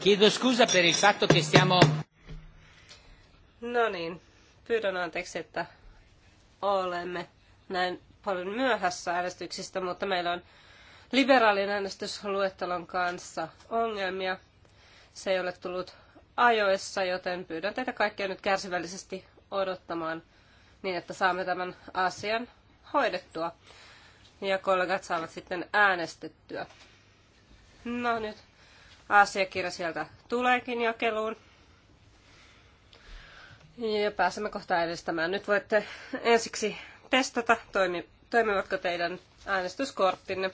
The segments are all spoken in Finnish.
Chiedo scusa per il fatto che stiamo... No niin, pyydän anteeksi, että olemme näin paljon myöhässä äänestyksistä, mutta meillä on liberaalin äänestysluettelon kanssa ongelmia. Se ei ole tullut ajoissa, joten pyydän teitä kaikkia nyt kärsivällisesti odottamaan niin, että saamme tämän asian hoidettua ja kollegat saavat sitten äänestettyä. No nyt asiakirja sieltä tuleekin jakeluun. Ja pääsemme kohta äänestämään. Nyt voitte ensiksi testata, toimi, toimivatko teidän äänestyskorttinne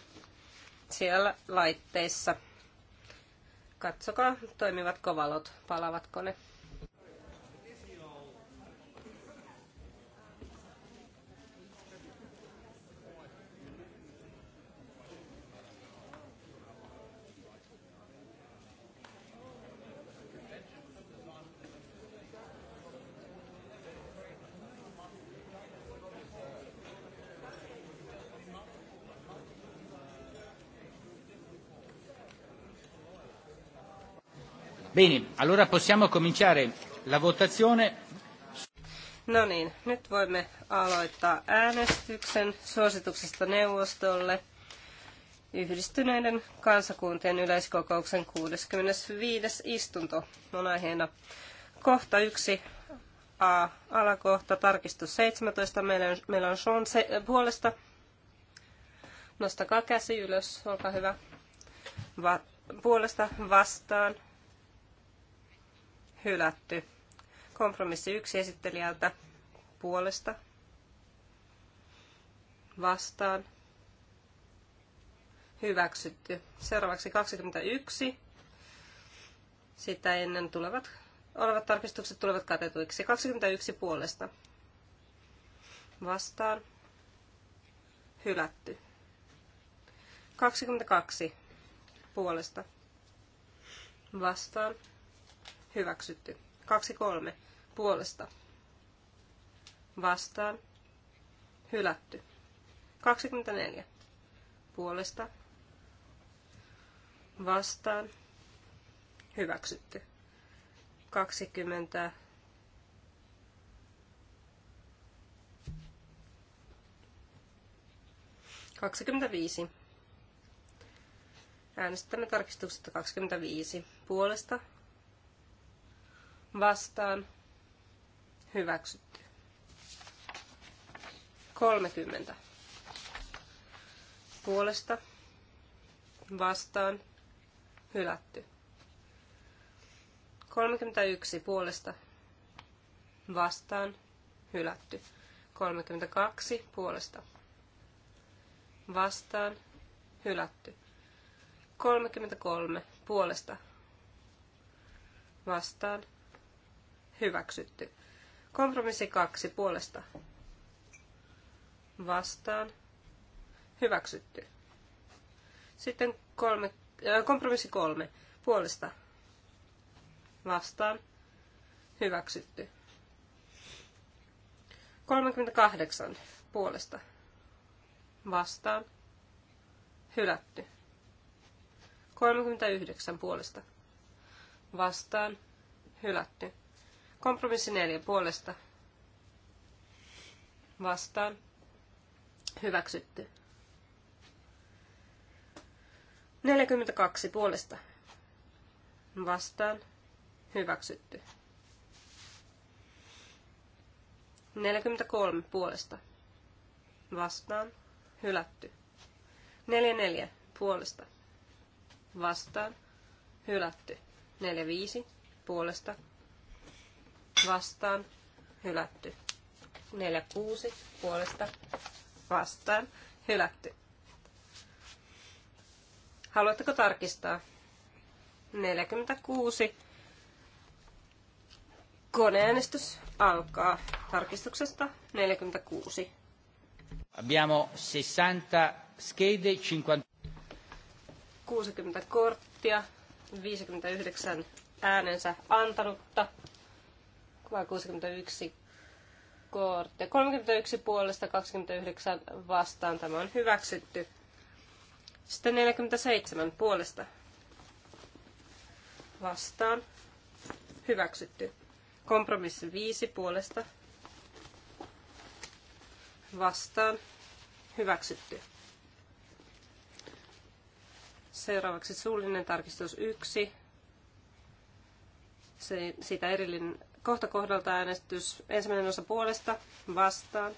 siellä laitteissa. Katsokaa, toimivatko valot, palavatko ne. Bene, allora possiamo cominciare la votazione. No niin, nyt voimme aloittaa äänestyksen suosituksesta neuvostolle yhdistyneiden kansakuntien yleiskokouksen 65. istunto on aiheena kohta 1 A, alakohta, tarkistus 17, meillä on, meillä on Sean se, puolesta. Nostakaa käsi ylös, olkaa hyvä. Va, puolesta vastaan, hylätty. Kompromissi yksi esittelijältä puolesta vastaan hyväksytty. Seuraavaksi 21. Sitä ennen tulevat, olevat tarkistukset tulevat katetuiksi. 21 puolesta vastaan hylätty. 22 puolesta vastaan hyväksytty. 2.3 puolesta vastaan hylätty. 24 puolesta vastaan hyväksytty. 20 25. Äänestämme tarkistuksesta 25 puolesta vastaan hyväksytty. 30 puolesta vastaan hylätty. 31 puolesta vastaan hylätty. 32 puolesta vastaan hylätty. 33 puolesta vastaan hyväksytty. Kompromissi kaksi puolesta vastaan hyväksytty. Sitten kolme, äh, kompromissi kolme puolesta vastaan hyväksytty. 38 puolesta vastaan hylätty. 39 puolesta vastaan hylätty. Kompromissi neljä puolesta. Vastaan. Hyväksytty. 42 puolesta. Vastaan. Hyväksytty. 43 puolesta. Vastaan. Hylätty. 44 puolesta. Vastaan. Hylätty. 45 puolesta vastaan, hylätty. 4-6 puolesta vastaan, hylätty. Haluatteko tarkistaa? 46. Koneäänestys alkaa tarkistuksesta 46. Abbiamo 60 schede, 50... 60 korttia, 59 äänensä antanutta, vaan 61 korttia. 31 puolesta 29 vastaan tämä on hyväksytty. Sitten 47 puolesta vastaan hyväksytty. Kompromissi 5 puolesta vastaan hyväksytty. Seuraavaksi suullinen tarkistus 1. Se, sitä erillinen Kohta kohdalta äänestys. Ensimmäinen osa puolesta, vastaan,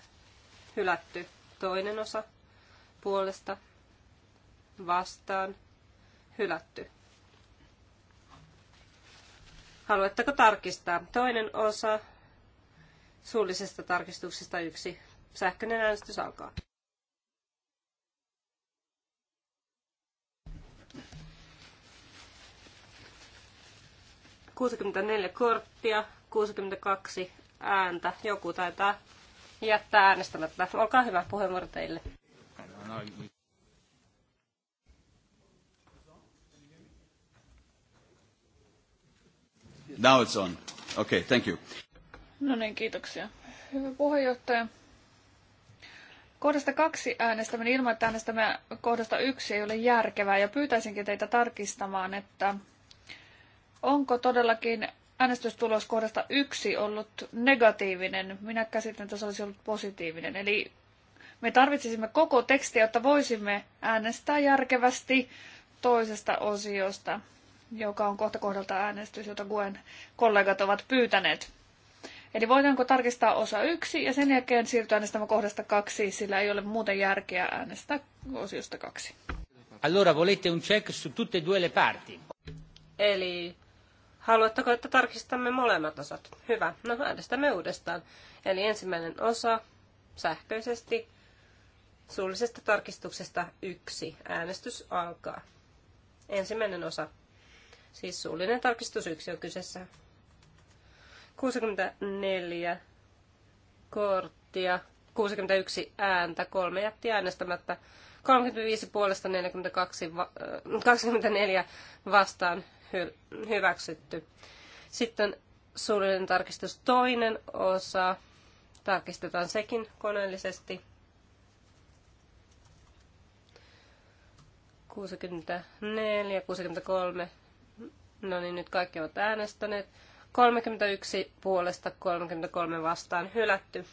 hylätty. Toinen osa puolesta, vastaan, hylätty. Haluatteko tarkistaa? Toinen osa suullisesta tarkistuksesta yksi. Sähköinen äänestys alkaa. neljä korttia, 62 ääntä. Joku taitaa jättää äänestämättä. Olkaa hyvä puheenvuoro teille. Now it's on. Okay, thank you. No niin, kiitoksia. Hyvä puheenjohtaja. Kohdasta kaksi äänestäminen ilman, että äänestämme kohdasta yksi ei ole järkevää ja pyytäisinkin teitä tarkistamaan, että onko todellakin äänestystulos kohdasta yksi ollut negatiivinen. Minä käsitän, että se olisi ollut positiivinen. Eli me tarvitsisimme koko tekstiä, jotta voisimme äänestää järkevästi toisesta osiosta, joka on kohta kohdalta äänestys, jota Guen kollegat ovat pyytäneet. Eli voidaanko tarkistaa osa yksi ja sen jälkeen siirtyä äänestämään kohdasta kaksi, sillä ei ole muuten järkeä äänestää osiosta kaksi. Allora volete un check su tutte e due le parti. Eli Haluatteko, että tarkistamme molemmat osat? Hyvä. No äänestämme uudestaan. Eli ensimmäinen osa sähköisesti suullisesta tarkistuksesta yksi. Äänestys alkaa. Ensimmäinen osa. Siis suullinen tarkistus yksi on kyseessä. 64 korttia, 61 ääntä, kolme jätti äänestämättä. 35 puolesta 42, 24 äh, vastaan, hy- hyväksytty. Sitten suullinen tarkistus toinen osa. Tarkistetaan sekin koneellisesti. 64, 63. No niin, nyt kaikki ovat äänestäneet. 31 puolesta 33 vastaan hylätty.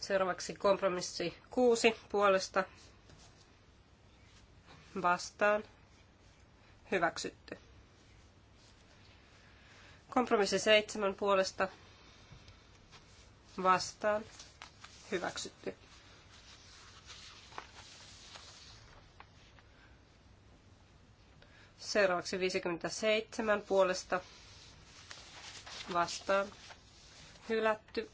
Seuraavaksi kompromissi 6 puolesta vastaan hyväksytty. Kompromissi seitsemän puolesta vastaan hyväksytty. Seuraavaksi 57 puolesta vastaan hylätty.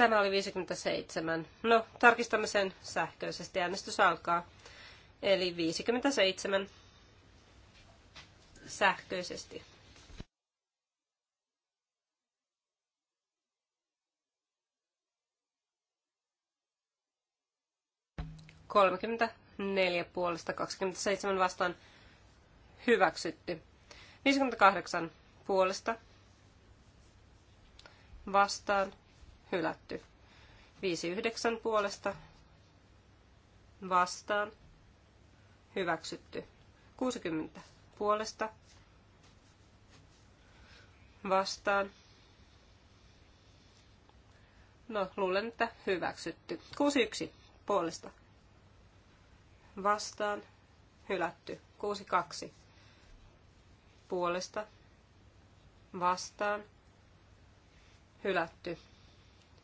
Tämä oli 57. No, tarkistamme sen sähköisesti. Äänestys alkaa. Eli 57 sähköisesti. Kolmekymmentä neljä puolesta, 27 vastaan hyväksytty. 58 puolesta vastaan hylätty. 59 puolesta vastaan hyväksytty. 60 puolesta vastaan. No, luulen, että hyväksytty. 61 puolesta vastaan hylätty. 62 puolesta vastaan hylätty.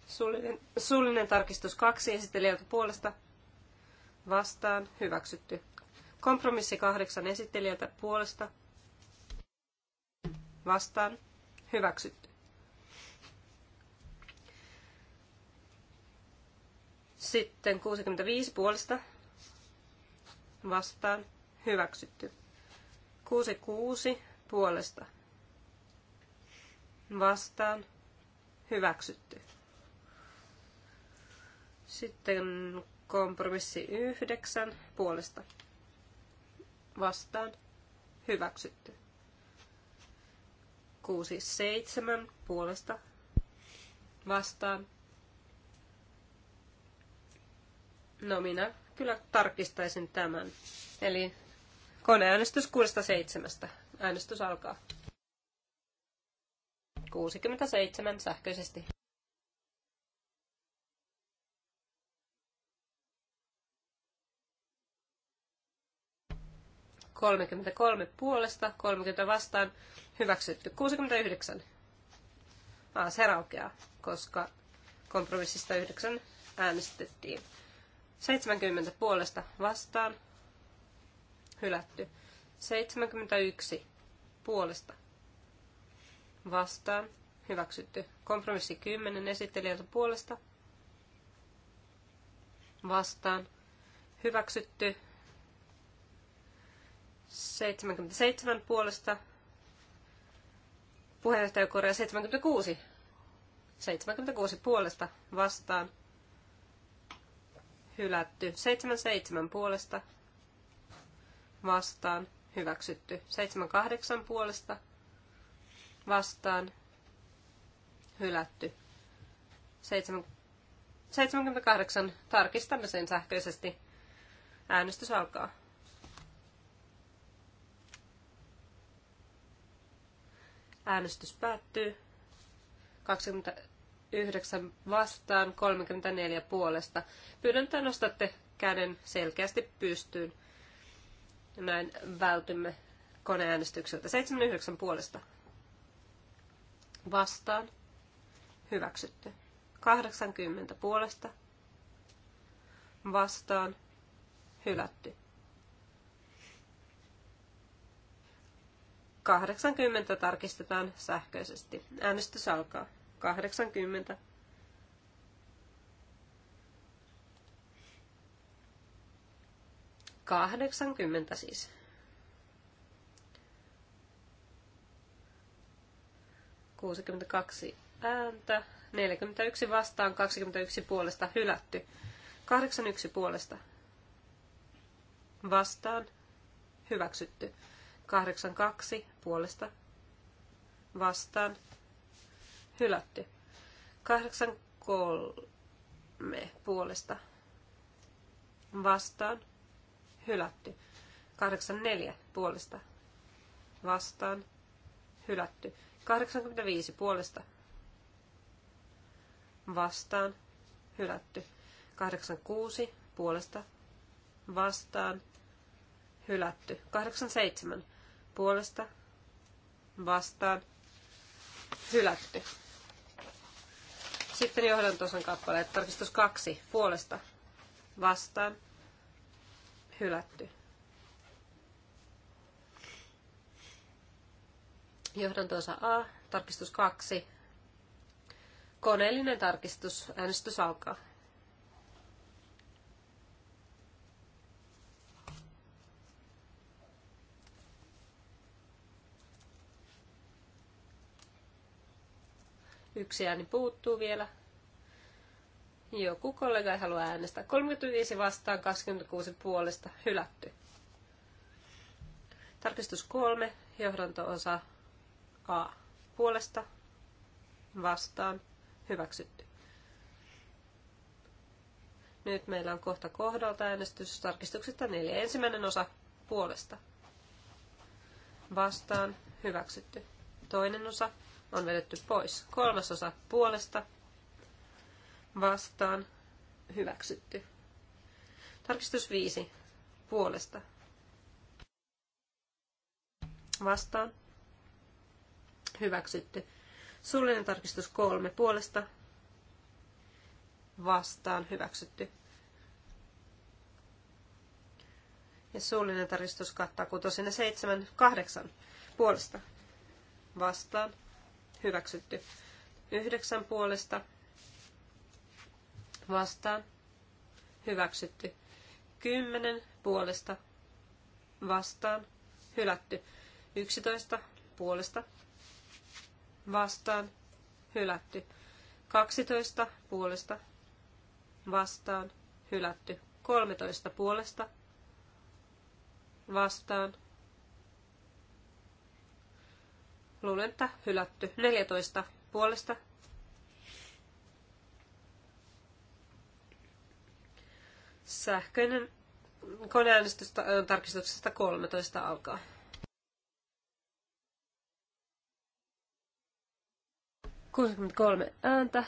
Suullinen, suullinen tarkistus kaksi esittelijältä puolesta vastaan hyväksytty. Kompromissi kahdeksan esittelijältä puolesta vastaan hyväksytty. Sitten 65 puolesta vastaan hyväksytty. 66 puolesta vastaan hyväksytty. Sitten kompromissi yhdeksän puolesta vastaan hyväksytty. kuusi seitsemän puolesta vastaan. No minä kyllä tarkistaisin tämän. Eli koneäänestys 6-7. Äänestys alkaa. 67 sähköisesti. 33 puolesta, 30 vastaan, hyväksytty. 69. Aa, ah, se raukeaa, koska kompromissista 9 äänestettiin. 70 puolesta vastaan, hylätty. 71 puolesta vastaan, hyväksytty. Kompromissi 10 esittelijältä puolesta vastaan, hyväksytty. 77 puolesta. Puheenjohtaja Korea 76. 76 puolesta vastaan. Hylätty. 77 puolesta vastaan. Hyväksytty. 78 puolesta vastaan. Hylätty. 78. Tarkistamme sen sähköisesti. Äänestys alkaa. Äänestys päättyy. 29 vastaan, 34 puolesta. Pyydän, että nostatte käden selkeästi pystyyn. Näin vältymme koneäänestykseltä. 79 puolesta. Vastaan. Hyväksytty. 80 puolesta. Vastaan. Hylätty. 80 tarkistetaan sähköisesti. Äänestys alkaa. 80. Kahdeksankymmentä siis. Kuusikymmentäkaksi ääntä, yksi vastaan, yksi puolesta hylätty. yksi puolesta vastaan hyväksytty. 82 puolesta vastaan hylätty. 83 puolesta vastaan hylätty. 84 puolesta vastaan hylätty. 85 puolesta vastaan hylätty. 86 puolesta vastaan hylätty. 87 puolesta vastaan hylätty. Sitten johdantosan kappaleet. Tarkistus kaksi puolesta vastaan hylätty. tuossa A, tarkistus kaksi Koneellinen tarkistus, äänestys alkaa. Yksi ääni puuttuu vielä. Joku kollega ei halua äänestää. 35 vastaan, 26 puolesta, hylätty. Tarkistus 3, johdanto-osa A. Puolesta, vastaan, hyväksytty. Nyt meillä on kohta kohdalta äänestys tarkistuksesta neljä. Ensimmäinen osa puolesta. Vastaan hyväksytty. Toinen osa on vedetty pois. Kolmasosa puolesta vastaan hyväksytty. Tarkistus 5 puolesta vastaan hyväksytty. Suullinen tarkistus 3 puolesta vastaan hyväksytty. Ja suullinen tarkistus kattaa kutosen ja seitsemän, kahdeksan puolesta vastaan hyväksytty. Yhdeksän puolesta vastaan hyväksytty. Kymmenen puolesta vastaan hylätty. Yksitoista puolesta vastaan hylätty. Kaksitoista puolesta vastaan hylätty. Kolmetoista puolesta vastaan Luulen, että hylätty. 14 puolesta. Sähköinen koneäänestys äh, tarkistuksesta 13 alkaa. kolme ääntä,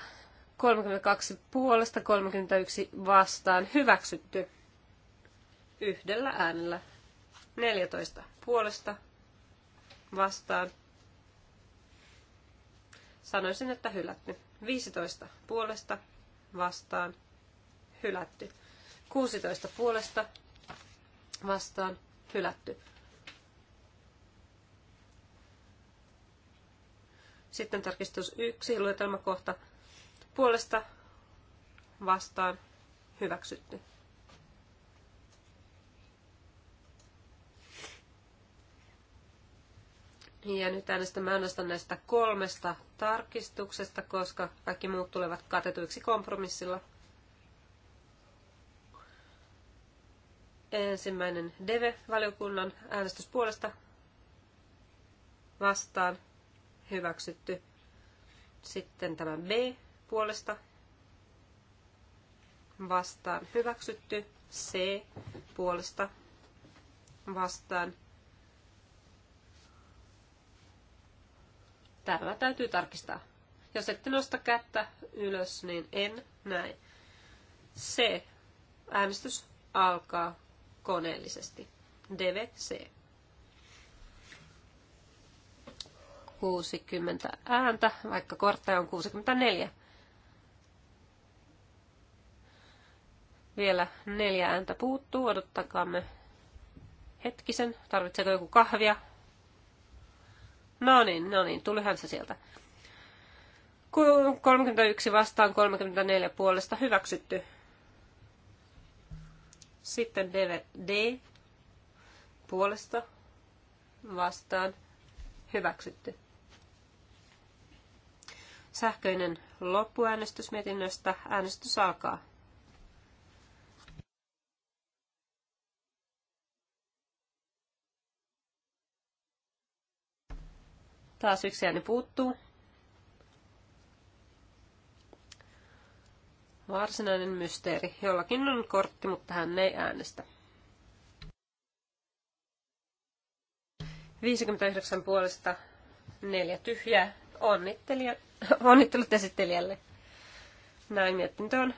32 puolesta, 31 vastaan, hyväksytty yhdellä äänellä. 14 puolesta vastaan, Sanoisin, että hylätty. 15 puolesta vastaan hylätty. 16 puolesta vastaan hylätty. Sitten tarkistus 1, luetelmakohta puolesta vastaan hyväksytty. Ja nyt äänestämme ainoastaan näistä kolmesta tarkistuksesta, koska kaikki muut tulevat katetuiksi kompromissilla. Ensimmäinen DEVE-valiokunnan äänestys puolesta vastaan hyväksytty. Sitten tämä B puolesta vastaan hyväksytty. C puolesta vastaan Tämä täytyy tarkistaa. Jos ette nosta kättä ylös, niin en näe. C. Äänestys alkaa koneellisesti. DVC. 60 ääntä, vaikka kortteja on 64. Vielä neljä ääntä puuttuu, odottakaamme hetkisen. Tarvitseeko joku kahvia? No niin, no niin, tulihan se sieltä. 31 vastaan 34 puolesta hyväksytty. Sitten D, D puolesta vastaan hyväksytty. Sähköinen loppuäänestys mietinnöstä. Äänestys alkaa. Taas yksi ääni puuttuu. Varsinainen mysteeri. Jollakin on kortti, mutta hän ei äänestä. 59 puolesta neljä tyhjää. Onnittelija, onnittelut esittelijälle. Näin mietintö on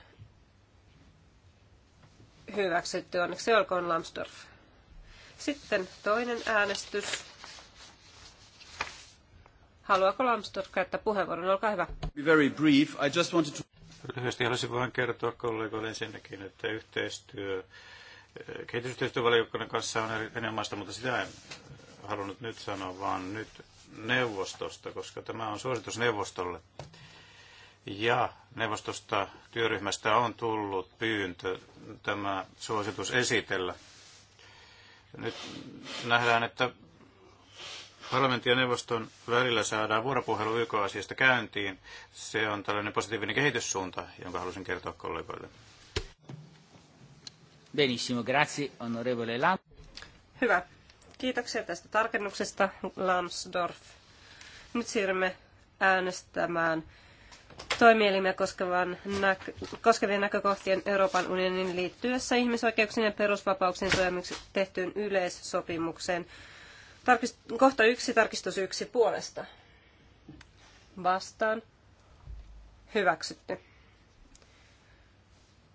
hyväksytty. Onneksi olkoon Lambsdorff. Sitten toinen äänestys. Haluaako Lambsdorff käyttää puheenvuoron? Olkaa hyvä. Be very brief. I just wanted to... Lyhyesti haluaisin vain kertoa kollegoille ensinnäkin, että yhteistyö eh, kehitysyhteistyövaliokunnan kanssa on erinomaista, mutta sitä en eh, halunnut nyt sanoa, vaan nyt neuvostosta, koska tämä on suositus neuvostolle. Ja neuvostosta työryhmästä on tullut pyyntö tämä suositus esitellä. Nyt nähdään, että parlamentin ja neuvoston välillä saadaan vuoropuhelu YK-asiasta käyntiin. Se on tällainen positiivinen kehityssuunta, jonka halusin kertoa kollegoille. Benissimo, grazie, onorevole Lam. Hyvä. Kiitoksia tästä tarkennuksesta, Lamsdorf. Nyt siirrymme äänestämään toimielimiä koskevan näk- koskevien näkökohtien Euroopan unionin liittyessä ihmisoikeuksien ja perusvapauksien suojelmiseksi tehtyyn yleissopimukseen Tarkist- kohta yksi, tarkistus yksi puolesta. Vastaan. Hyväksytty.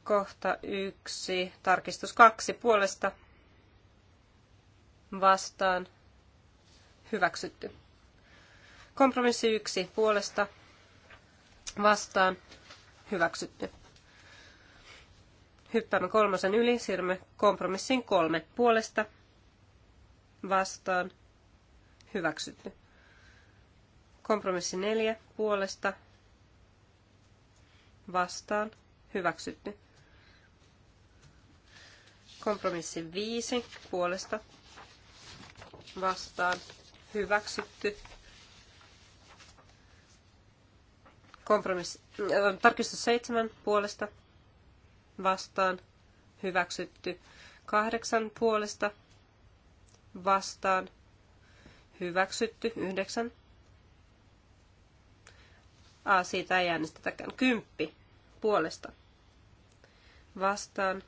Kohta yksi, tarkistus kaksi puolesta. Vastaan. Hyväksytty. Kompromissi yksi puolesta. Vastaan. Hyväksytty. Hyppäämme kolmosen yli, siirrymme kompromissiin kolme puolesta vastaan hyväksytty. Kompromissi 4 puolesta vastaan hyväksytty. Kompromissi 5 puolesta vastaan hyväksytty. Kompromissi, äh, tarkistus 7 puolesta vastaan hyväksytty. 8 puolesta vastaan hyväksytty yhdeksän A, siitä ei äänestetäkään. Kymppi puolesta vastaan.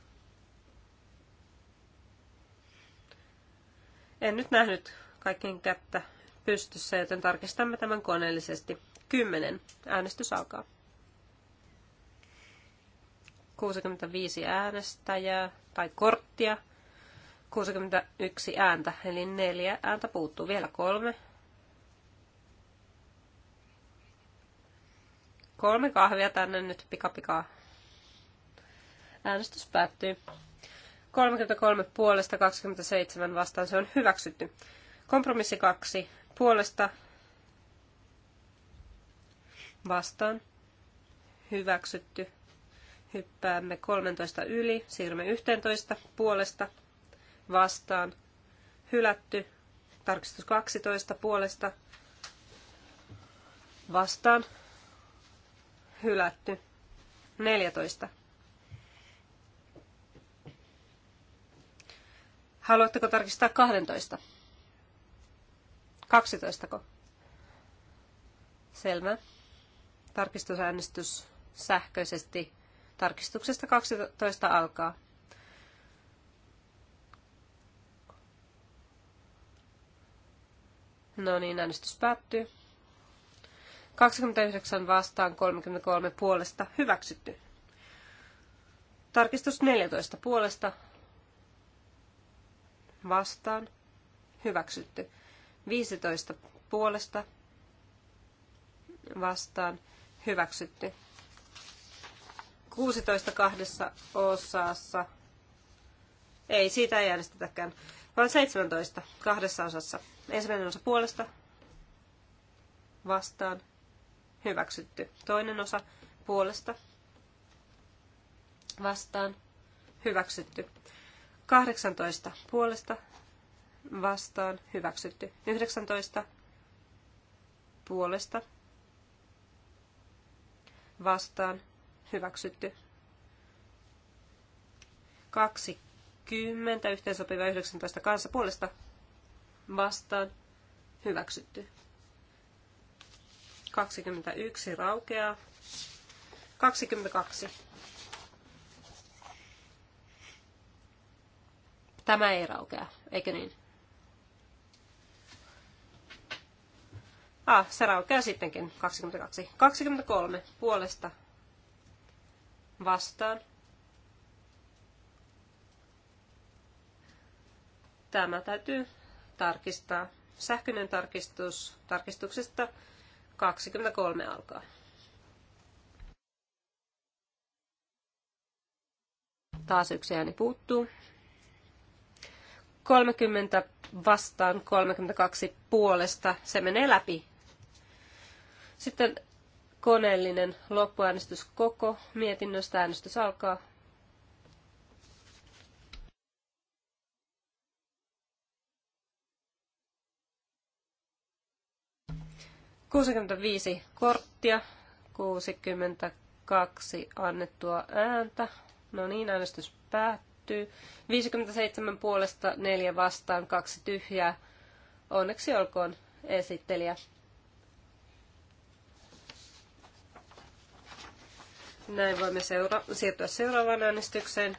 En nyt nähnyt kaikkien kättä pystyssä, joten tarkistamme tämän koneellisesti. Kymmenen, Äänestys alkaa. 65 äänestäjää tai korttia. 61 ääntä, eli neljä ääntä puuttuu. Vielä kolme. Kolme kahvia tänne nyt pikapikaa. Äänestys päättyy. 33 puolesta 27 vastaan se on hyväksytty. Kompromissi 2 puolesta vastaan hyväksytty. Hyppäämme 13 yli, siirrymme 11 puolesta vastaan hylätty. Tarkistus 12 puolesta vastaan hylätty. 14. Haluatteko tarkistaa 12? 12 ko? Selvä. Tarkistusäänestys sähköisesti. Tarkistuksesta 12 alkaa. No niin, äänestys päättyy. 29 vastaan 33 puolesta hyväksytty. Tarkistus 14 puolesta vastaan hyväksytty. 15 puolesta vastaan hyväksytty. 16 kahdessa osassa. Ei, siitä ei äänestetäkään vaan 17 kahdessa osassa. Ensimmäinen osa puolesta vastaan hyväksytty. Toinen osa puolesta vastaan hyväksytty. 18 puolesta vastaan hyväksytty. 19 puolesta vastaan hyväksytty. 20 10, yhteensopiva 19 kanssa puolesta vastaan hyväksytty. 21 raukeaa. 22. Tämä ei raukea, eikö niin? Ah, se raukeaa sittenkin. 22. 23 puolesta vastaan Tämä täytyy tarkistaa. Sähköinen tarkistus tarkistuksesta 23 alkaa. Taas yksi ääni puuttuu. 30 vastaan, 32 puolesta. Se menee läpi. Sitten koneellinen loppuäänestys koko mietinnöstä. Äänestys alkaa. 65 korttia, 62 annettua ääntä. No niin, äänestys päättyy. 57 puolesta, 4 vastaan, 2 tyhjää. Onneksi olkoon esittelijä. Näin voimme seura- siirtyä seuraavaan äänestykseen.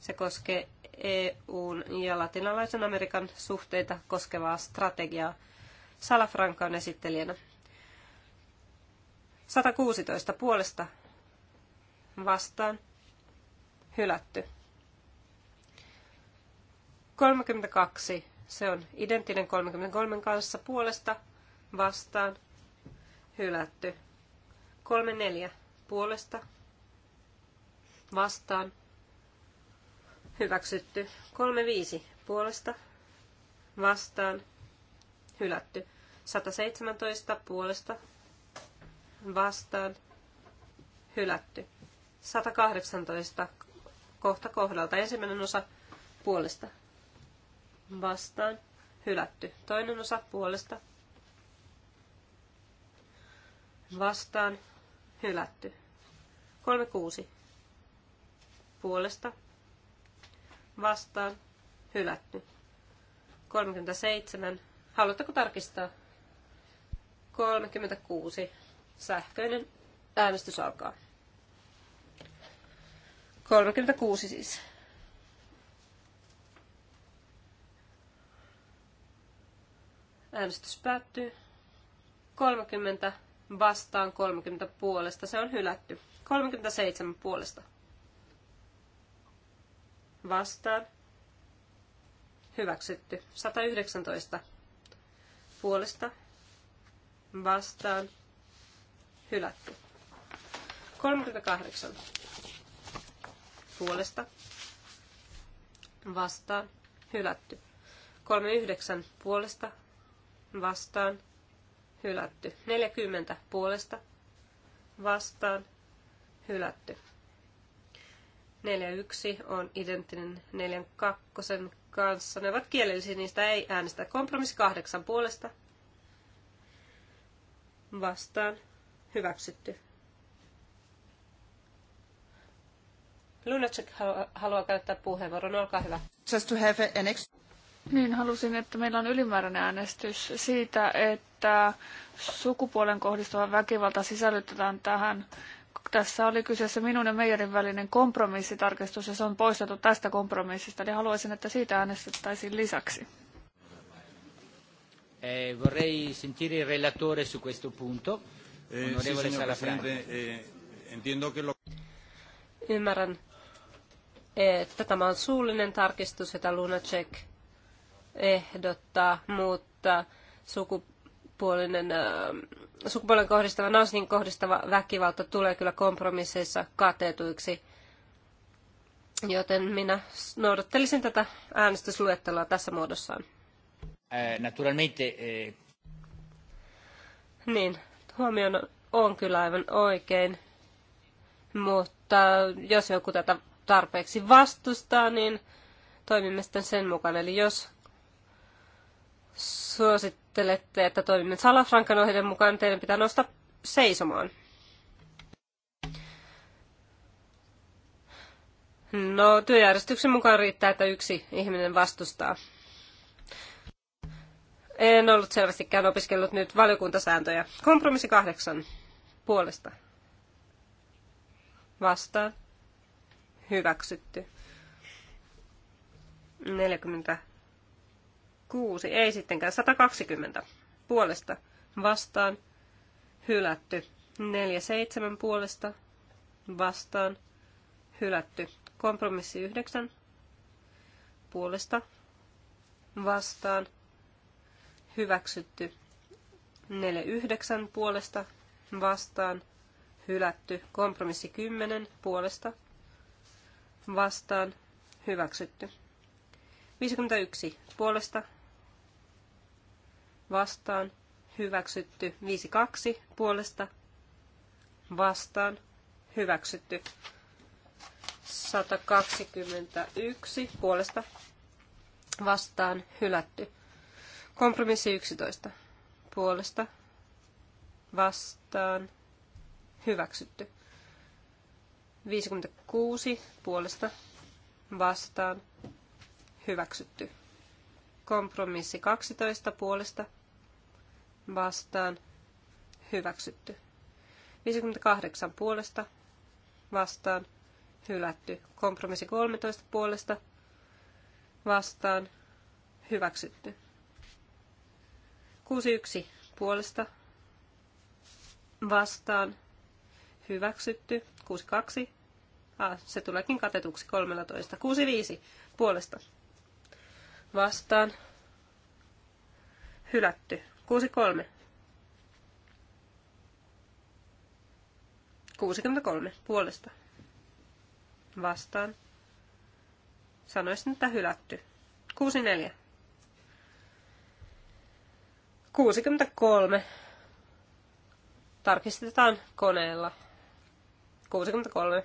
Se koskee EUn ja latinalaisen Amerikan suhteita koskevaa strategiaa Salafranka on esittelijänä. 116 puolesta vastaan hylätty. 32. Se on identtinen 33 kanssa puolesta vastaan hylätty. 34 puolesta vastaan hyväksytty. 35 puolesta vastaan hylätty. 117 puolesta vastaan hylätty. 118 kohta kohdalta ensimmäinen osa puolesta vastaan hylätty. Toinen osa puolesta vastaan hylätty. 36 puolesta vastaan hylätty. 37 Haluatteko tarkistaa? 36. Sähköinen äänestys alkaa. 36 siis. Äänestys päättyy. 30 vastaan 30 puolesta. Se on hylätty. 37 puolesta. Vastaan. Hyväksytty. 119 puolesta vastaan hylätty. 38 puolesta vastaan hylätty. 39 puolesta vastaan hylätty. 40 puolesta vastaan hylätty. 41 on identtinen 42 kanssa. Ne ovat kielellisiä, niistä ei äänestä. Kompromissi kahdeksan puolesta. Vastaan. Hyväksytty. Lunacek haluaa käyttää puheenvuoron. Olkaa hyvä. Just to have an extra... Niin, halusin, että meillä on ylimääräinen äänestys siitä, että sukupuolen kohdistuva väkivalta sisällytetään tähän tässä oli kyseessä minun ja Meijerin välinen kompromissitarkistus ja se on poistettu tästä kompromissista, niin haluaisin, että siitä äänestettäisiin lisäksi. Eh, vorrei sentire il relatore su questo punto. Onorevole eh, sì, Eh, entiendo che lo... Ymmärrän, että tämä on suullinen tarkistus, jota Lunacek ehdottaa, mutta sukup sukupuolinen, äh, sukupuolen kohdistava, naisiin kohdistava väkivalta tulee kyllä kompromisseissa katetuiksi. Joten minä noudattelisin tätä äänestysluetteloa tässä muodossaan. Eh, naturalmente... Eh, niin, huomioon on kyllä aivan oikein. Mutta jos joku tätä tarpeeksi vastustaa, niin toimimme sitten sen mukaan. Eli jos suosittelette, että toimimme Salafrankan ohjeiden mukaan, teidän pitää nostaa seisomaan. No, työjärjestyksen mukaan riittää, että yksi ihminen vastustaa. En ollut selvästikään opiskellut nyt valiokuntasääntöjä. Kompromissi kahdeksan. Puolesta. Vastaan. Hyväksytty. 40 Kuusi ei sittenkään, 120 puolesta vastaan hylätty. 47 puolesta vastaan hylätty. Kompromissi 9 puolesta vastaan hyväksytty. 49 puolesta vastaan hylätty. Kompromissi 10 puolesta vastaan hyväksytty. 51 puolesta vastaan, hyväksytty. 52 puolesta, vastaan, hyväksytty. 121 puolesta, vastaan, hylätty. Kompromissi 11 puolesta, vastaan, hyväksytty. 56 puolesta, vastaan, hyväksytty. Kompromissi 12 puolesta, vastaan hyväksytty. 58 puolesta vastaan hylätty. Kompromissi 13 puolesta vastaan hyväksytty. 61 puolesta vastaan hyväksytty. 62 Ah, se tuleekin katetuksi 13. 65 puolesta vastaan hylätty. 63. 63 puolesta. Vastaan. Sanoisin, että hylätty. 64. 63. Tarkistetaan koneella. 63.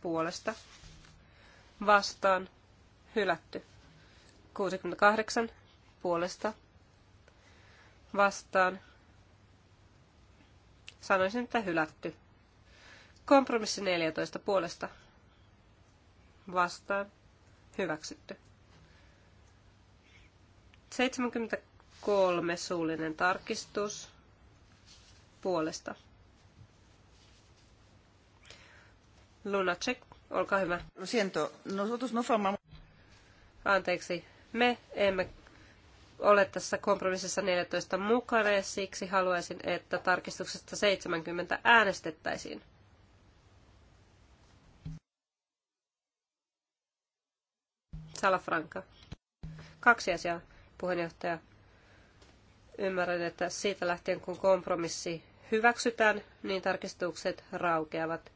puolesta vastaan hylätty. 68 puolesta vastaan sanoisin, että hylätty. Kompromissi 14 puolesta vastaan hyväksytty. 73 suullinen tarkistus puolesta Lunacek, olkaa hyvä. Siento, nosotros no formamos... Anteeksi, me emme ole tässä kompromississa 14 mukana ja siksi haluaisin, että tarkistuksesta 70 äänestettäisiin. Salafranca. Kaksi asiaa, puheenjohtaja. Ymmärrän, että siitä lähtien kun kompromissi hyväksytään, niin tarkistukset raukeavat.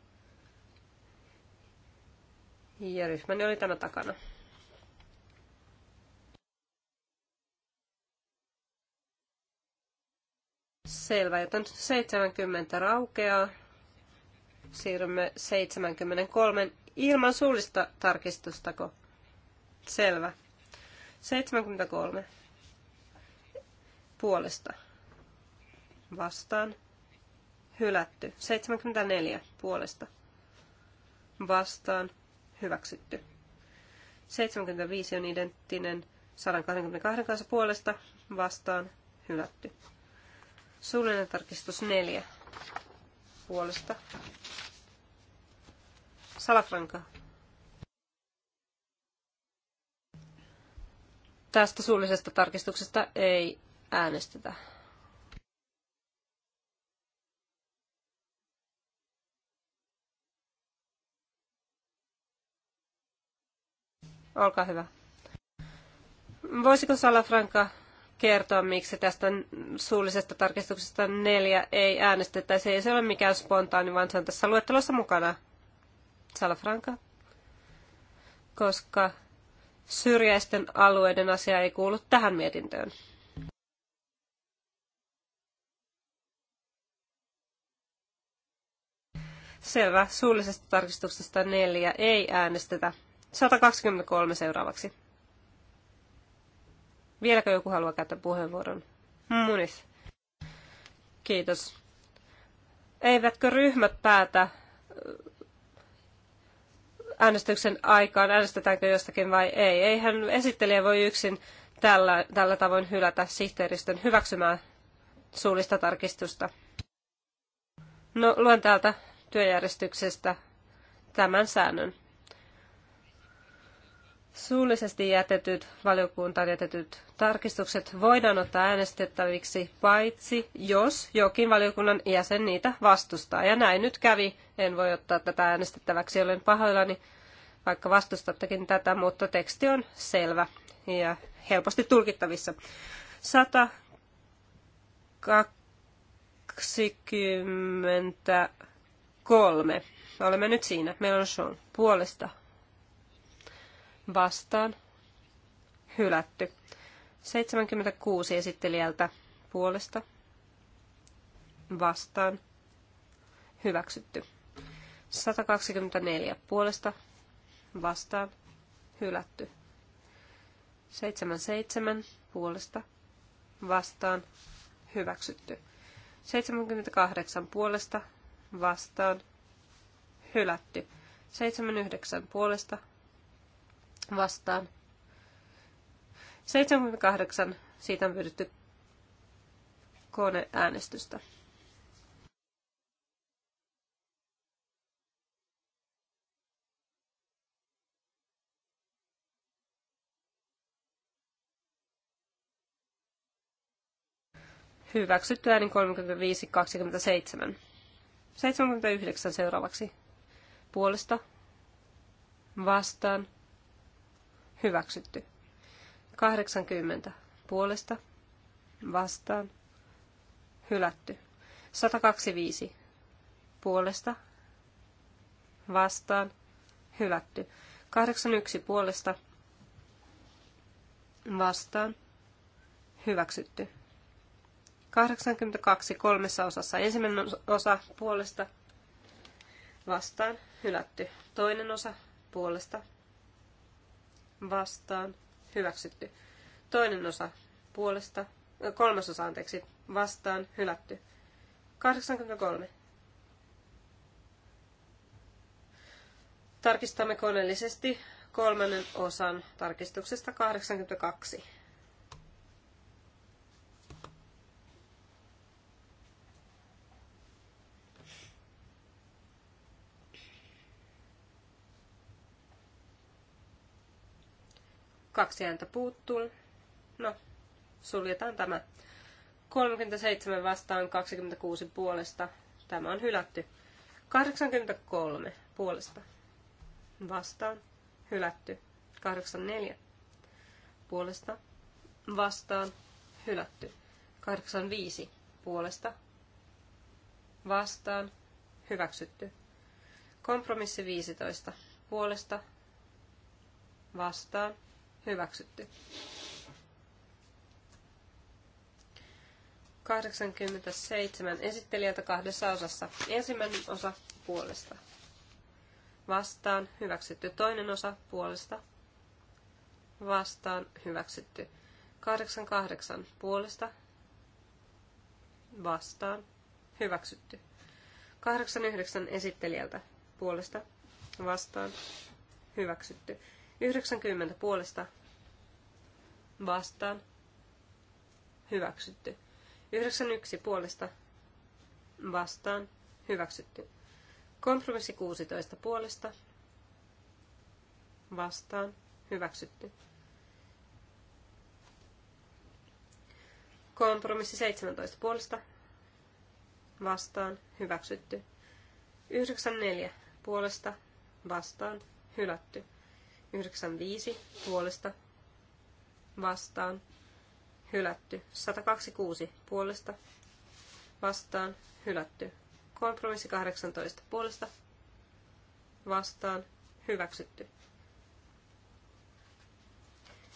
Ja ryhmäni oli tämä takana. Selvä, joten 70 raukeaa. Siirrymme 73 ilman suullista tarkistustako. Selvä. 73 puolesta vastaan. Hylätty. 74 puolesta vastaan hyväksytty. 75 on identtinen 122 kanssa puolesta vastaan hylätty. Suullinen tarkistus 4 puolesta. Salafranka. Tästä suullisesta tarkistuksesta ei äänestetä. Olkaa hyvä. Voisiko Salafranca kertoa, miksi tästä suullisesta tarkistuksesta neljä ei äänestettäisi? Ei se ole mikään spontaani, vaan se on tässä luettelossa mukana. Salafranca. Koska syrjäisten alueiden asia ei kuulu tähän mietintöön. Selvä. Suullisesta tarkistuksesta neljä ei äänestetä. 123 seuraavaksi. Vieläkö joku haluaa käyttää puheenvuoron? Hmm. Munis. Kiitos. Eivätkö ryhmät päätä äänestyksen aikaan, äänestetäänkö jostakin vai ei? Eihän esittelijä voi yksin tällä, tällä tavoin hylätä sihteeristön hyväksymää suullista tarkistusta. No, luen täältä työjärjestyksestä tämän säännön. Suullisesti jätetyt valiokuntaan jätetyt tarkistukset voidaan ottaa äänestettäviksi paitsi, jos jokin valiokunnan jäsen niitä vastustaa. Ja näin nyt kävi. En voi ottaa tätä äänestettäväksi, olen pahoillani, vaikka vastustattekin tätä, mutta teksti on selvä ja helposti tulkittavissa. 123. Olemme nyt siinä. Meillä on puolesta vastaan hylätty. 76 esittelijältä puolesta vastaan hyväksytty. 124 puolesta vastaan hylätty. 77 puolesta vastaan hyväksytty. 78 puolesta vastaan hylätty. 79 puolesta vastaan. 78. Siitä on pyydetty koneäänestystä. Hyväksytty äänin 35-27. 79 seuraavaksi. Puolesta. Vastaan. Hyväksytty. 80 puolesta vastaan. Hylätty. 125 puolesta vastaan. Hylätty. 81 puolesta vastaan. Hyväksytty. 82 kolmessa osassa. Ensimmäinen osa puolesta vastaan. Hylätty. Toinen osa puolesta vastaan, hyväksytty. Toinen osa puolesta, kolmas osa anteeksi, vastaan, hylätty. 83. Tarkistamme koneellisesti kolmannen osan tarkistuksesta 82. Kaksi ääntä puuttuu. No, suljetaan tämä. 37 vastaan 26 puolesta. Tämä on hylätty. 83 puolesta. Vastaan. Hylätty. 84 puolesta. Vastaan. Hylätty. 85 puolesta. Vastaan. Hyväksytty. Kompromissi 15 puolesta. Vastaan. Hyväksytty. 87 esittelijältä kahdessa osassa. Ensimmäinen osa puolesta. Vastaan hyväksytty. Toinen osa puolesta. Vastaan hyväksytty. 88 puolesta. Vastaan hyväksytty. 89 esittelijältä puolesta. Vastaan hyväksytty. 90 puolesta vastaan hyväksytty. 91 puolesta vastaan hyväksytty. Kompromissi 16 puolesta vastaan hyväksytty. Kompromissi 17 puolesta vastaan hyväksytty. 94 puolesta vastaan hylätty. 195 puolesta vastaan hylätty. 126 puolesta vastaan hylätty. Kompromissi 18 puolesta vastaan hyväksytty.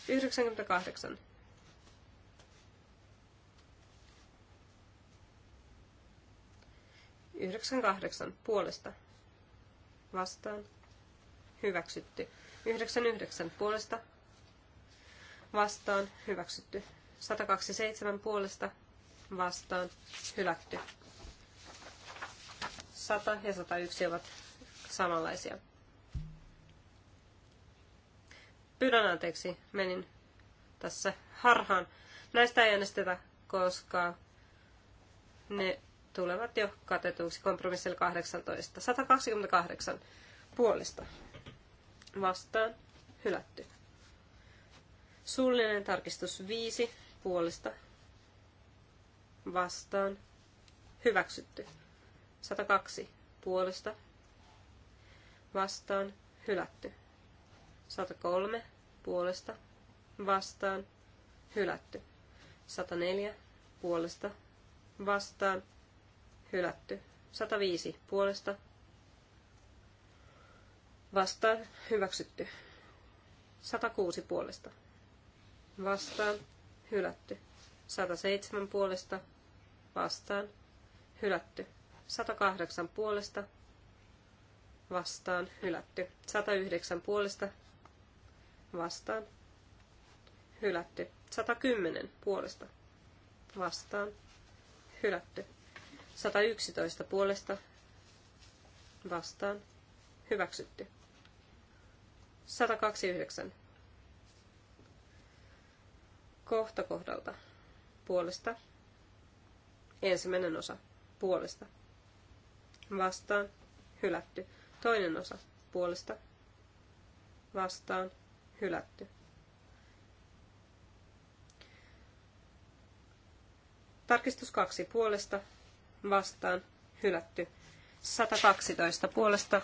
98 98 puolesta vastaan hyväksytty. 99 puolesta vastaan hyväksytty. 127 puolesta vastaan hylätty. 100 ja 101 ovat samanlaisia. Pyydän anteeksi, menin tässä harhaan. Näistä ei äänestetä, koska ne tulevat jo katetuksi kompromissilla 18. 128 puolesta vastaan hylätty. Suullinen tarkistus 5 puolesta vastaan hyväksytty. 102 puolesta vastaan hylätty. 103 puolesta vastaan hylätty. 104 puolesta vastaan hylätty. 105 puolesta Vastaan hyväksytty. 106 puolesta. Vastaan hylätty. 107 puolesta. Vastaan hylätty. 108 puolesta. Vastaan hylätty. 109 puolesta. Vastaan hylätty. 110 puolesta. Vastaan hylätty. 111 puolesta vastaan hyväksytty. 129. Kohta kohdalta. Puolesta. Ensimmäinen osa. Puolesta. Vastaan. Hylätty. Toinen osa. Puolesta. Vastaan. Hylätty. Tarkistus kaksi puolesta, vastaan, hylätty. 112 puolesta,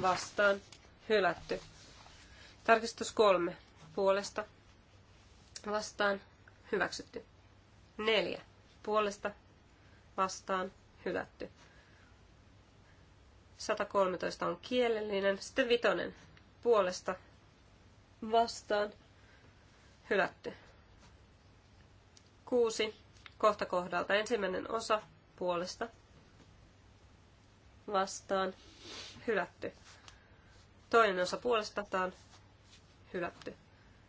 vastaan, hylätty. Tarkistus kolme puolesta vastaan hyväksytty. Neljä puolesta vastaan hylätty. 113 on kielellinen. Sitten vitonen puolesta vastaan hylätty. Kuusi kohta kohdalta. Ensimmäinen osa puolesta vastaan hylätty. Toinen osa puolesta vastaan hylätty.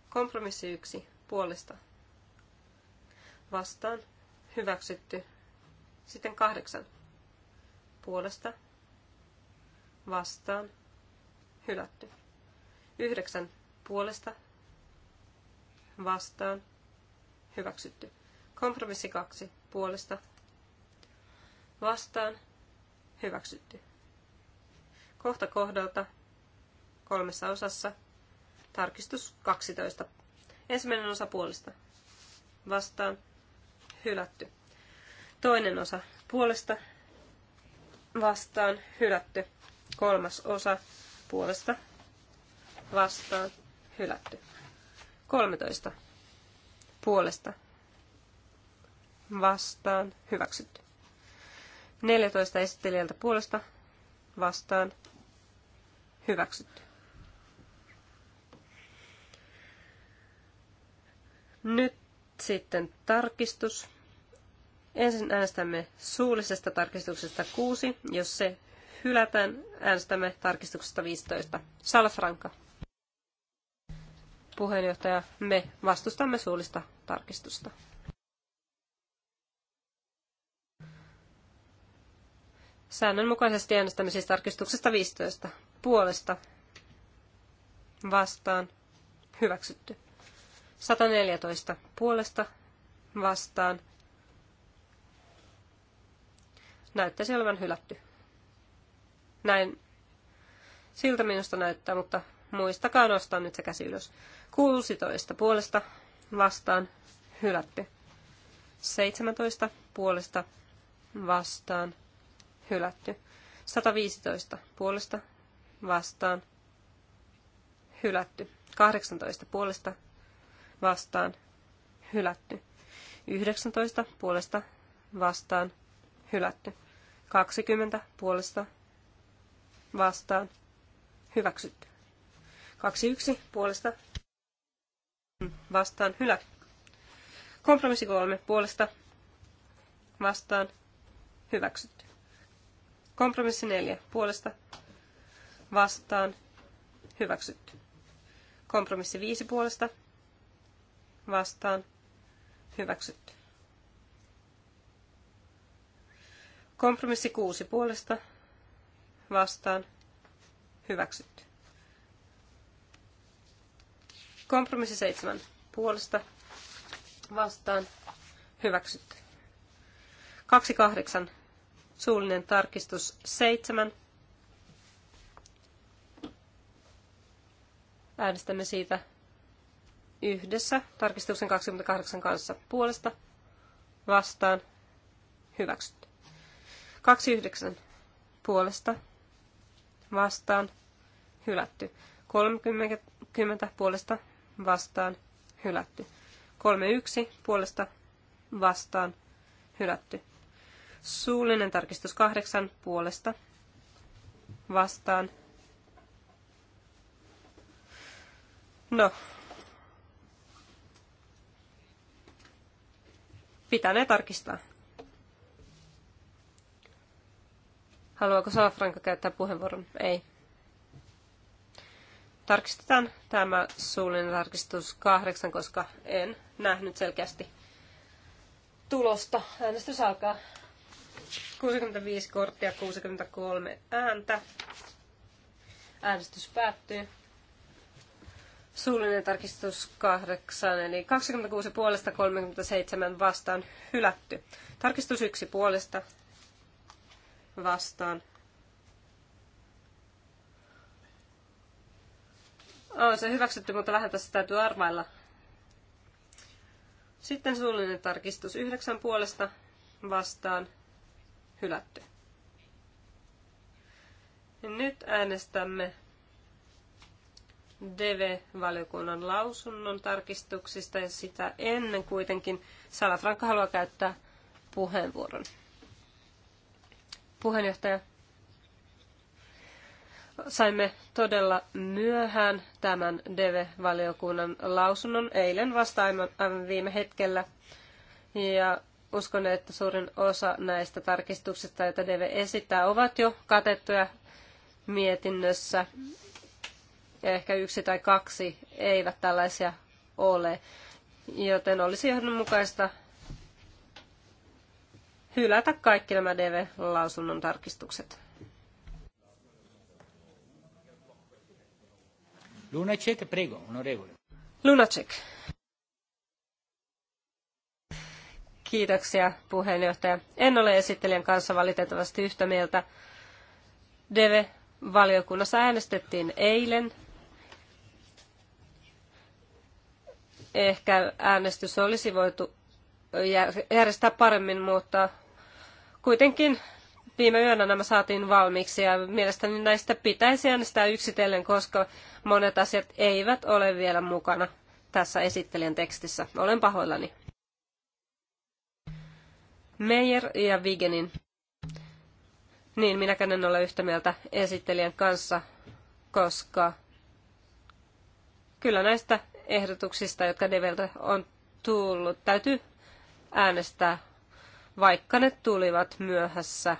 Kompromissi yksi puolesta vastaan hyväksytty. Sitten kahdeksan puolesta vastaan hylätty. yhdeksän puolesta vastaan hyväksytty. Kompromissi kaksi puolesta vastaan hyväksytty. Kohta kohdalta kolmessa osassa Tarkistus 12. Ensimmäinen osa puolesta. Vastaan. Hylätty. Toinen osa puolesta. Vastaan. Hylätty. Kolmas osa puolesta. Vastaan. Hylätty. 13. Puolesta. Vastaan. Hyväksytty. 14 esittelijältä puolesta. Vastaan. Hyväksytty. Nyt sitten tarkistus. Ensin äänestämme suullisesta tarkistuksesta 6. Jos se hylätään, äänestämme tarkistuksesta 15. Salfranka. Puheenjohtaja, me vastustamme suullista tarkistusta. Säännönmukaisesti äänestämme siis tarkistuksesta 15. Puolesta. Vastaan. Hyväksytty. 114 puolesta vastaan. Näyttäisi olevan hylätty. Näin siltä minusta näyttää, mutta muistakaa nostaa nyt se käsi ylös. 16 puolesta vastaan hylätty. 17 puolesta vastaan hylätty. 115 puolesta vastaan hylätty. 18 puolesta vastaan hylätty. 19 puolesta vastaan hylätty. 20 puolesta vastaan hyväksytty. 21 puolesta vastaan hylätty. Kompromissi 3 puolesta vastaan hyväksytty. Kompromissi 4 puolesta vastaan hyväksytty. Kompromissi 5 puolesta vastaan hyväksytty. Kompromissi kuusi puolesta vastaan hyväksytty. Kompromissi seitsemän puolesta vastaan hyväksytty. kahdeksan suullinen tarkistus seitsemän äänestämme siitä yhdessä tarkistuksen 28 kanssa puolesta vastaan hyväksytty. 29 puolesta vastaan hylätty. 30 puolesta vastaan hylätty. 31 puolesta vastaan hylätty. Suullinen tarkistus 8 puolesta vastaan. No, Pitää ne tarkistaa. Haluaako Salafranka käyttää puheenvuoron? Ei. Tarkistetaan tämä suullinen tarkistus kahdeksan, koska en nähnyt selkeästi tulosta. Äänestys alkaa. 65 korttia, 63 ääntä. Äänestys päättyy. Suullinen tarkistus 8, eli 26 puolesta 37 vastaan hylätty. Tarkistus 1 puolesta vastaan. On se hyväksytty, mutta vähän tässä täytyy arvailla. Sitten suullinen tarkistus 9 puolesta vastaan hylätty. Nyt äänestämme DV-valiokunnan lausunnon tarkistuksista ja sitä ennen kuitenkin Salafranka haluaa käyttää puheenvuoron. Puheenjohtaja, saimme todella myöhään tämän DV-valiokunnan lausunnon eilen vasta aivan viime hetkellä. Ja uskon, että suurin osa näistä tarkistuksista, joita DV esittää, ovat jo katettuja mietinnössä ja ehkä yksi tai kaksi eivät tällaisia ole. Joten olisi johdonmukaista hylätä kaikki nämä DV-lausunnon tarkistukset. Lunacek, prego, onorevole. Lunacek. Kiitoksia puheenjohtaja. En ole esittelijän kanssa valitettavasti yhtä mieltä. DEVE-valiokunnassa äänestettiin eilen ehkä äänestys olisi voitu järjestää paremmin, mutta kuitenkin viime yönä nämä saatiin valmiiksi ja mielestäni näistä pitäisi äänestää yksitellen, koska monet asiat eivät ole vielä mukana tässä esittelijän tekstissä. Olen pahoillani. Meijer ja Vigenin. Niin, minäkään en ole yhtä mieltä esittelijän kanssa, koska kyllä näistä ehdotuksista, jotka Develtä on tullut, täytyy äänestää, vaikka ne tulivat myöhässä.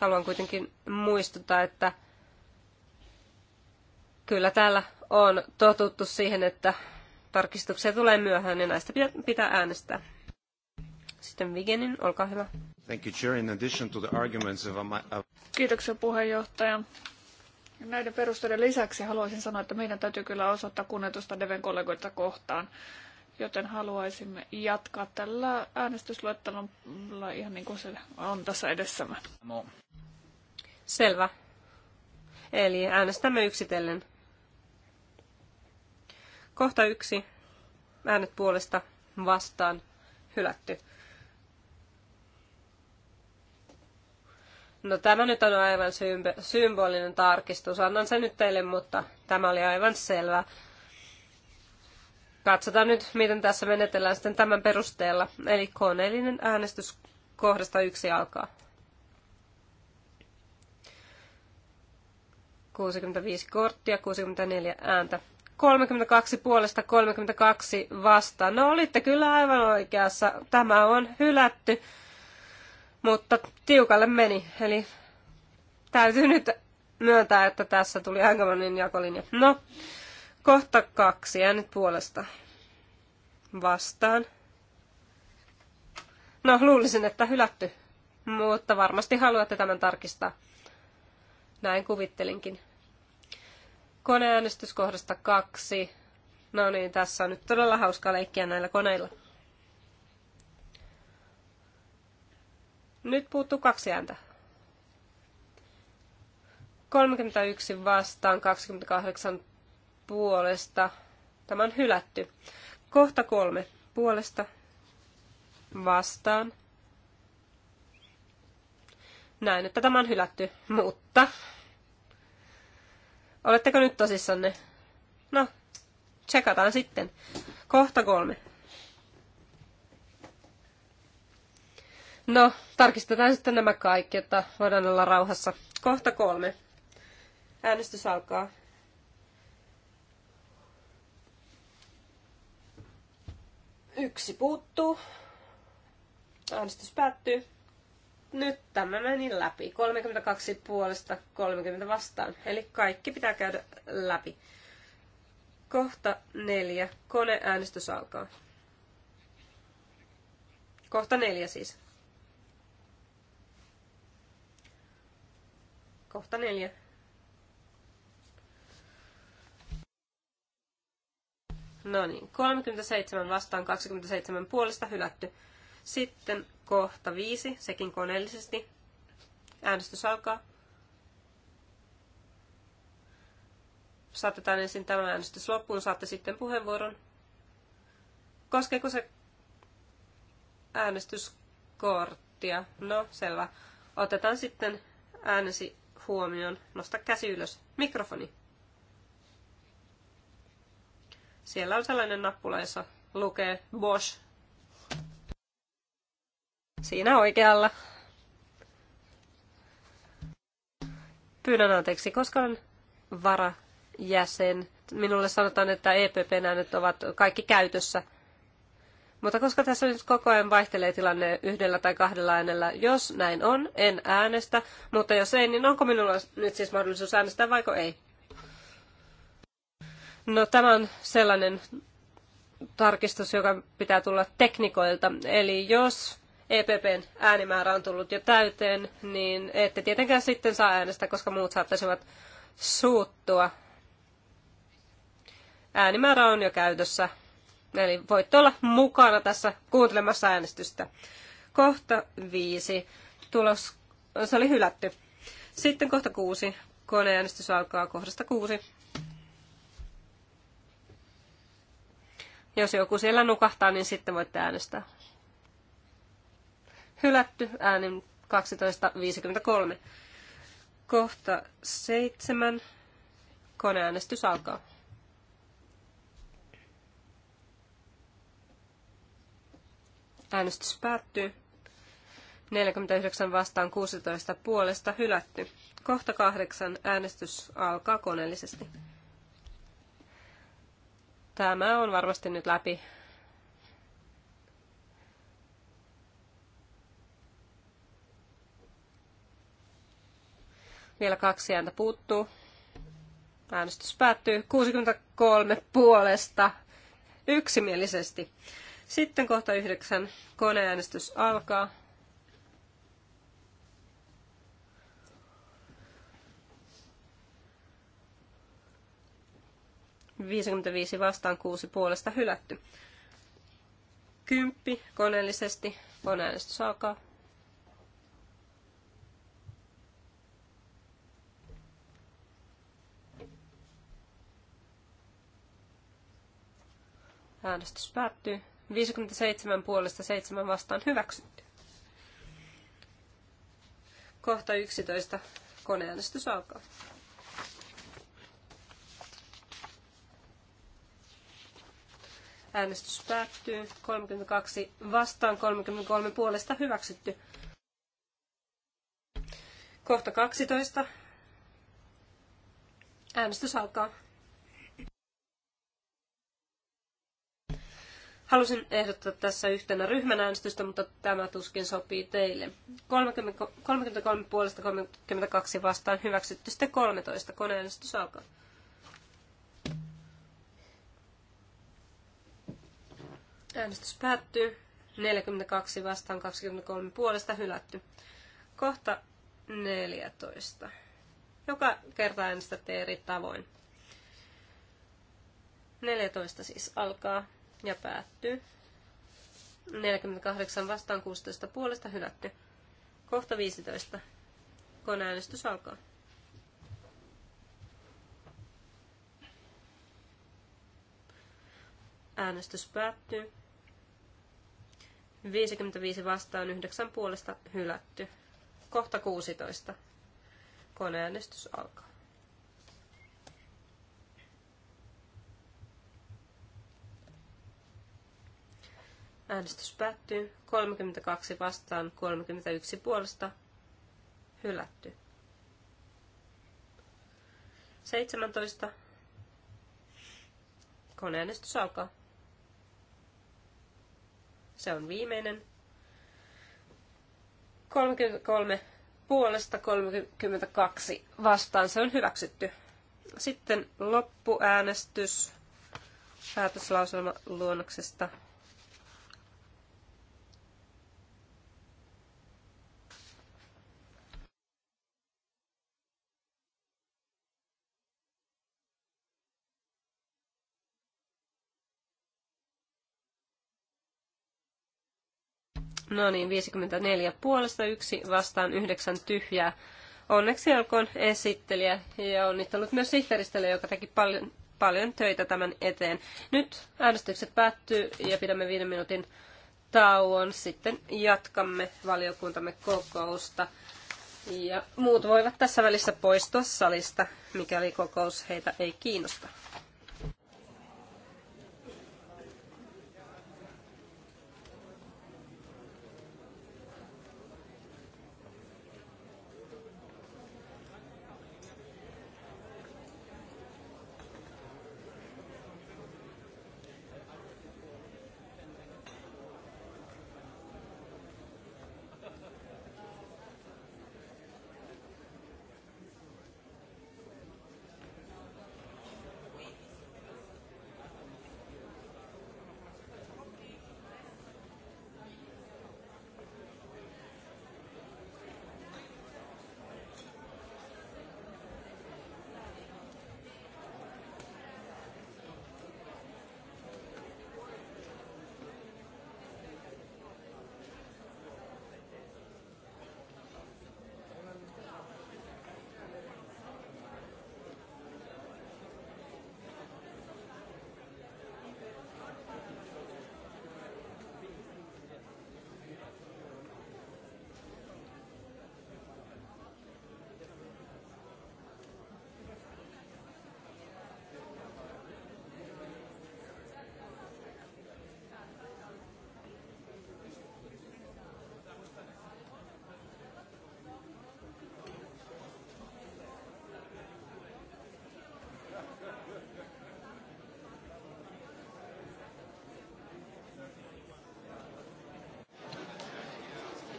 Haluan kuitenkin muistuttaa, että kyllä täällä on totuttu siihen, että tarkistuksia tulee myöhään ja näistä pitää äänestää. Sitten Vigenin, olkaa hyvä. Thank you, Chair. In addition to the arguments of... Kiitoksia puheenjohtaja. Näiden perusteiden lisäksi haluaisin sanoa, että meidän täytyy kyllä osoittaa kunnioitusta Deven kollegoita kohtaan, joten haluaisimme jatkaa tällä äänestysluettelolla ihan niin kuin se on tässä edessämme. No. Selvä. Eli äänestämme yksitellen. Kohta yksi. Äänet puolesta vastaan hylätty. No tämä nyt on aivan symbolinen tarkistus. Annan sen nyt teille, mutta tämä oli aivan selvä. Katsotaan nyt, miten tässä menetellään sitten tämän perusteella. Eli koneellinen äänestys kohdasta yksi alkaa. 65 korttia, 64 ääntä. 32 puolesta 32 vastaan. No olitte kyllä aivan oikeassa. Tämä on hylätty mutta tiukalle meni. Eli täytyy nyt myöntää, että tässä tuli aikamoinen jakolinja. No, kohta kaksi, nyt puolesta vastaan. No, luulisin, että hylätty, mutta varmasti haluatte tämän tarkistaa. Näin kuvittelinkin. Koneäänestyskohdasta kaksi. No niin, tässä on nyt todella hauskaa leikkiä näillä koneilla. Nyt puuttuu kaksi ääntä. 31 vastaan, 28 puolesta. Tämä on hylätty. Kohta kolme puolesta vastaan. Näin, että tämä on hylätty, mutta... Oletteko nyt tosissanne? No, tsekataan sitten. Kohta kolme. No, tarkistetaan sitten nämä kaikki, että voidaan olla rauhassa. Kohta kolme. Äänestys alkaa. Yksi puuttuu. Äänestys päättyy. Nyt tämä meni läpi. 32 puolesta 30 vastaan. Eli kaikki pitää käydä läpi. Kohta neljä. Koneäänestys alkaa. Kohta neljä siis. Kohta neljä. No niin, 37 vastaan 27 puolesta hylätty. Sitten kohta viisi, sekin koneellisesti. Äänestys alkaa. Saatetaan ensin tämä äänestys loppuun, saatte sitten puheenvuoron. Koskeeko se äänestyskorttia? No, selvä. Otetaan sitten äänesi huomioon. Nosta käsi ylös. Mikrofoni. Siellä on sellainen nappula, jossa lukee Bosch. Siinä oikealla. Pyydän anteeksi, koska olen varajäsen. Minulle sanotaan, että epp näännöt ovat kaikki käytössä – mutta koska tässä nyt koko ajan vaihtelee tilanne yhdellä tai kahdella äänellä, jos näin on, en äänestä, mutta jos ei, niin onko minulla nyt siis mahdollisuus äänestää vaiko ei? No tämä on sellainen tarkistus, joka pitää tulla teknikoilta. Eli jos EPPn äänimäärä on tullut jo täyteen, niin ette tietenkään sitten saa äänestää, koska muut saattaisivat suuttua. Äänimäärä on jo käytössä, Eli voitte olla mukana tässä kuuntelemassa äänestystä. Kohta viisi. Tulos, se oli hylätty. Sitten kohta kuusi. Koneäänestys alkaa kohdasta kuusi. Jos joku siellä nukahtaa, niin sitten voitte äänestää. Hylätty äänin 12.53. Kohta seitsemän. Koneäänestys alkaa. Äänestys päättyy. 49 vastaan 16 puolesta hylätty. Kohta kahdeksan äänestys alkaa koneellisesti. Tämä on varmasti nyt läpi. Vielä kaksi ääntä puuttuu. Äänestys päättyy 63 puolesta yksimielisesti. Sitten kohta yhdeksän koneäänestys alkaa. Viisikymmentäviisi vastaan kuusi puolesta hylätty. Kymppi koneellisesti. Koneäänestys alkaa. Äänestys päättyy. 57 puolesta 7 vastaan hyväksytty. Kohta 11. Koneäänestys alkaa. Äänestys päättyy. 32 vastaan 33 puolesta hyväksytty. Kohta 12. Äänestys alkaa. Halusin ehdottaa tässä yhtenä ryhmän äänestystä, mutta tämä tuskin sopii teille. 30, 33 puolesta 32 vastaan hyväksytty sitten 13. Koneäänestys alkaa. Äänestys päättyy. 42 vastaan 23 puolesta hylätty. Kohta 14. Joka kerta äänestätte eri tavoin. 14 siis alkaa ja päättyy. 48 vastaan 16 puolesta hylätty. Kohta 15. Koneäänestys alkaa. Äänestys päättyy. 55 vastaan 9 puolesta hylätty. Kohta 16. Koneäänestys alkaa. Äänestys päättyy. 32 vastaan, 31 puolesta. Hylätty. 17. Koneäänestys alkaa. Se on viimeinen. 33 puolesta 32 vastaan. Se on hyväksytty. Sitten loppuäänestys päätöslauselma luonnoksesta No niin, 54 puolesta yksi vastaan yhdeksän tyhjää. Onneksi olkoon esittelijä ja onnittelut myös sihteeristölle, joka teki paljon, paljon töitä tämän eteen. Nyt äänestykset päättyy ja pidämme viiden minuutin tauon. Sitten jatkamme valiokuntamme kokousta. Ja muut voivat tässä välissä poistua salista, mikäli kokous heitä ei kiinnosta.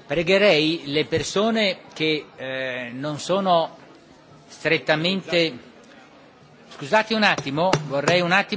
Pregherei le persone che eh, non sono strettamente... Scusate un attimo, vorrei un attimo...